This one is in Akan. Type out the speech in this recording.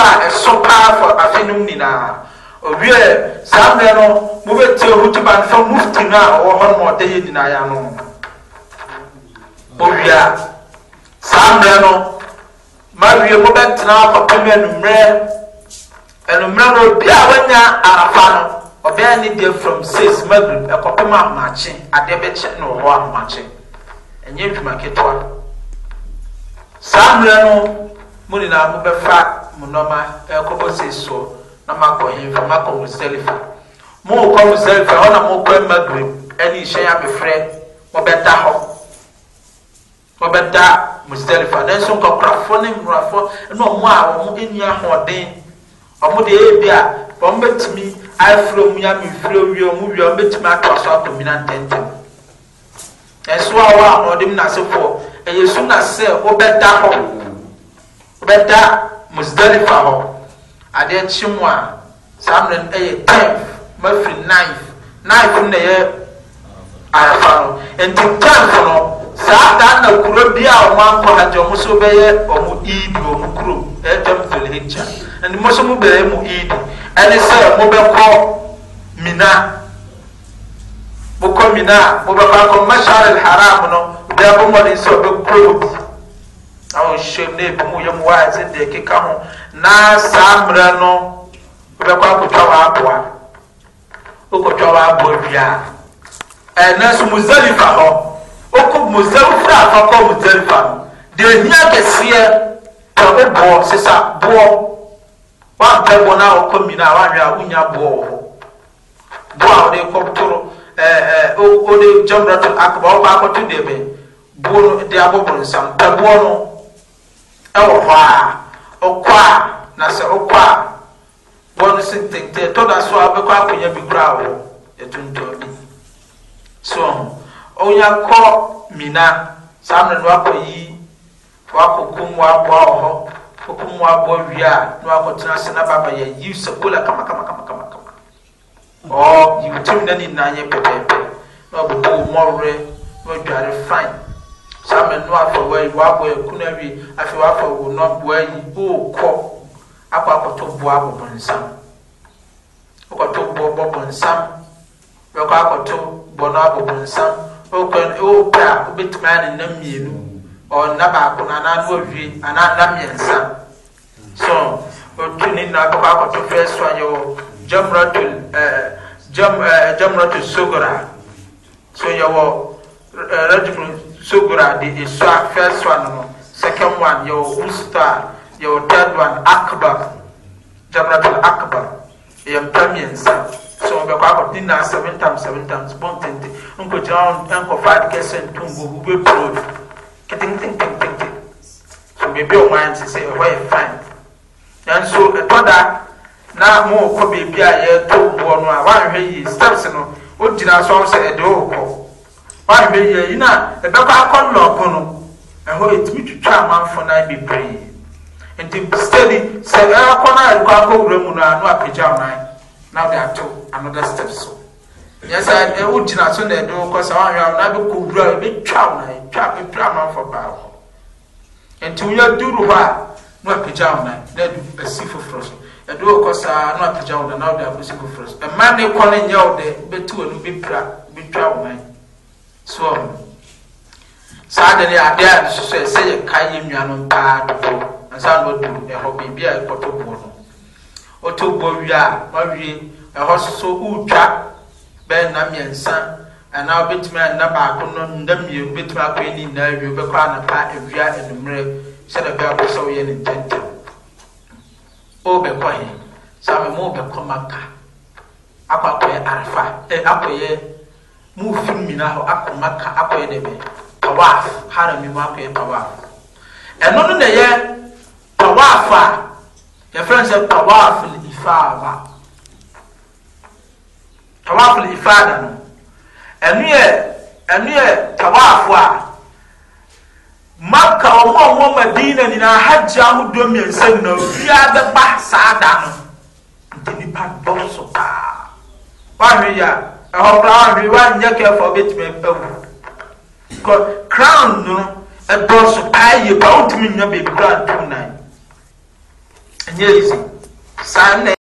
a ɛso paa fɔ afenum nyinaa owie saa mmerɛ no mobɛtie hotuba no fa mufti no a ɔwɔ hɔ no ma ɔda yɛ nyinaa ya no owie a saa mmerɛ no ma wie mobɛtena papa mu anummerɛ anummerɛ no obi a wanya arafa no ɔbɛn ne deɛ from six magrib ɛkɔpem ahomakye adeɛ bɛkyɛ na ɔwɔ ahomakye ɛnyɛ adwuma ketewa saa mmerɛ no mo nyinaa mobɛfa mu nɔɔma ɛkɔbɔ eh, si soɔ na ma kɔ yin fa ma mụ musalifa mu kɔ musalifa hɔ na mu kɔ magrib ɛne nhyɛn abɛfrɛ wɔbɛda hɔ wɔbɛda musalifa ne nso ne mmorafo ɛna ɔmo a ɔmo ani ahoɔden ɔmo deɛ ebi a wɔn bɛtumi afro mu ya mfiri owie ɔmo wie ɔmo bɛtumi ato aso atomina ntɛntɛn ɛso a wɔ a mu n'asefoɔ ɛyɛ su na sɛ hɔ. bɛda musdalifa hɔ adeɛ kye mu a saa mmerɛ no yɛ tenth mafiri ninth ninth na yɛ arafa no nti tenth no saa daa na kuro bi a wɔn akɔ hajj wɔn nso bɛyɛ wɔn iidi wɔn kuro ɛtam filihikya ɛni mo nso mo bɛyɛ mo iidi ɛne sɛ mo bɛkɔ mina mo kɔ mina mo bɛkɔ akɔ mashar al haram no bɛyɛ bɔ mo ne nsa ɔbɛkuro hyehyɛm na ebi mu yɛ mu deɛ na saa mmerɛ no a ɛnɛ so muzalifa hɔ wokɔ muzalifa afa kɔ muzalifa no deɛ hia kɛseɛ pɛ boɔ boɔ wampɛ boɔ a a wanwe boɔ wɔ hɔ boɔ a ɛɛ akɔto deɛ bɛ boɔ no de nsam ɛwɔ hɔ a ɔkɔ a na sɛ ɔkɔ a wɔn si ntɛntɛn tɔ da so a ɔbɛkɔ akonnwa bi kura wɔ yɛtuntun bi so ɔnya kɔ mina saa na wakɔ yi wakɔ kum waboa wɔ hɔ kum waboa wia na wakɔ tena ase na baba yɛ yi sakola kama kama kama kama kama ɔɔ yi wotum na ne nyinaa yɛ pɛpɛɛpɛ na ɔbɛbɔ wɔn mɔwerɛ na ɔdware fine. sáàmì nù afọ wọ yìí wàá bọ ẹkún ẹwì afẹ wàá fọ wọ nọ bọ yìí ó kọ akọ akọtọ bọ abọbọ nsàm akọtọ bọ bọbọ nsàm bẹkọ akọtọ bọ nọ abọbọ nsàm ọkọ ọpẹ a ọbẹtumi ayẹ nna mmienu ọna baako na anan ọwie anan nna mmiɛnsa so otu ne nyinaa bɛkɔ akɔtɔ jamrato jam jamrato sogora so yɛwɔ ɛɛ sobra de esu a first one no second one yɛwɔ wusta yɛwɔ third one akbar jamratul akbar yɛ mpa mmiɛnsa so ɔbɛkɔ akɔdi na seven times seven times bɔn tente nkɔgyina hɔ nkɔfa adi kɛse ntungo ube puro bi ketenkete so beebi a wɔn ayɛ sɛ ɛhɔ yɛ fine nanso ɛtɔ da na mo kɔ beebi a yɛtɔ mboɔ no a wɔahwɛ yie steps no o gyina so sɛ ɛde o kɔ wɔn abɛyɛ yi na ɛbɛkɔ akɔnlɔɔko no ɛhɔ etumi twitwa amanfo nan bebree nti steady sɛ ɛkɔ na ɛkɔ akɔwura mu no ano apagya nan na ɔde ato another step so yɛsɛ ɛwɔ gyina so na ɛde kɔ sɛ wɔn ahwɛ na bɛkɔ wura ɛbɛtwa nan twa bɛtwa amanfo baa hɔ nti wɔn aduru hɔ a na apagya nan na ɛde bɛsi foforɔ so ɛde kɔ saa na apagya wɔn na ɔde akɔsi foforɔ so ɛmaa ne kɔ ne nyɛ ɔde bɛtu wɔn bɛpira bɛtwa wɔn nan. so saa de ne adeɛ a nsoso ɛsɛ yɛ ka yɛ nuanom paa dodo nsa a ɛkɔtɔ buo no ɔtɔ buo wie a wawie ɛhɔ soso ɔretwa mmiɛnsa baako no mmienu akɔ awie anapa awia sɛ na bɛyɛ abɔsɛ ɔyɛ ne ntɛntɛm ɔrebɛkɔ hɛ saa mɛ mo maka akɔ arafa ɛ mu firi nyinaa hɔ akɔ maka akɔyɛ dɛ bɛ tawaf haram mu akɔyɛ tawaf ɛno no na yɛ tawaf a yɛfrɛ sɛ tawaf ifaba tawaf ifada no ɛno yɛ ɛno yɛ tawaf a maka wɔn a wɔn madina nyinaa hajj ahodoɔ mmiɛnsa nyinaa obiara bɛba saa da no nti nipa dɔm so paa wɔahwɛ yɛ a ɛhɔ koraa hwee wanyɛ kɛfɔ bɛtumi ɛwu kɔ crown no ɛdɔɔso paa yie ba wontumi nnya baabi koraa ntom nan ɛnyɛ easy saa na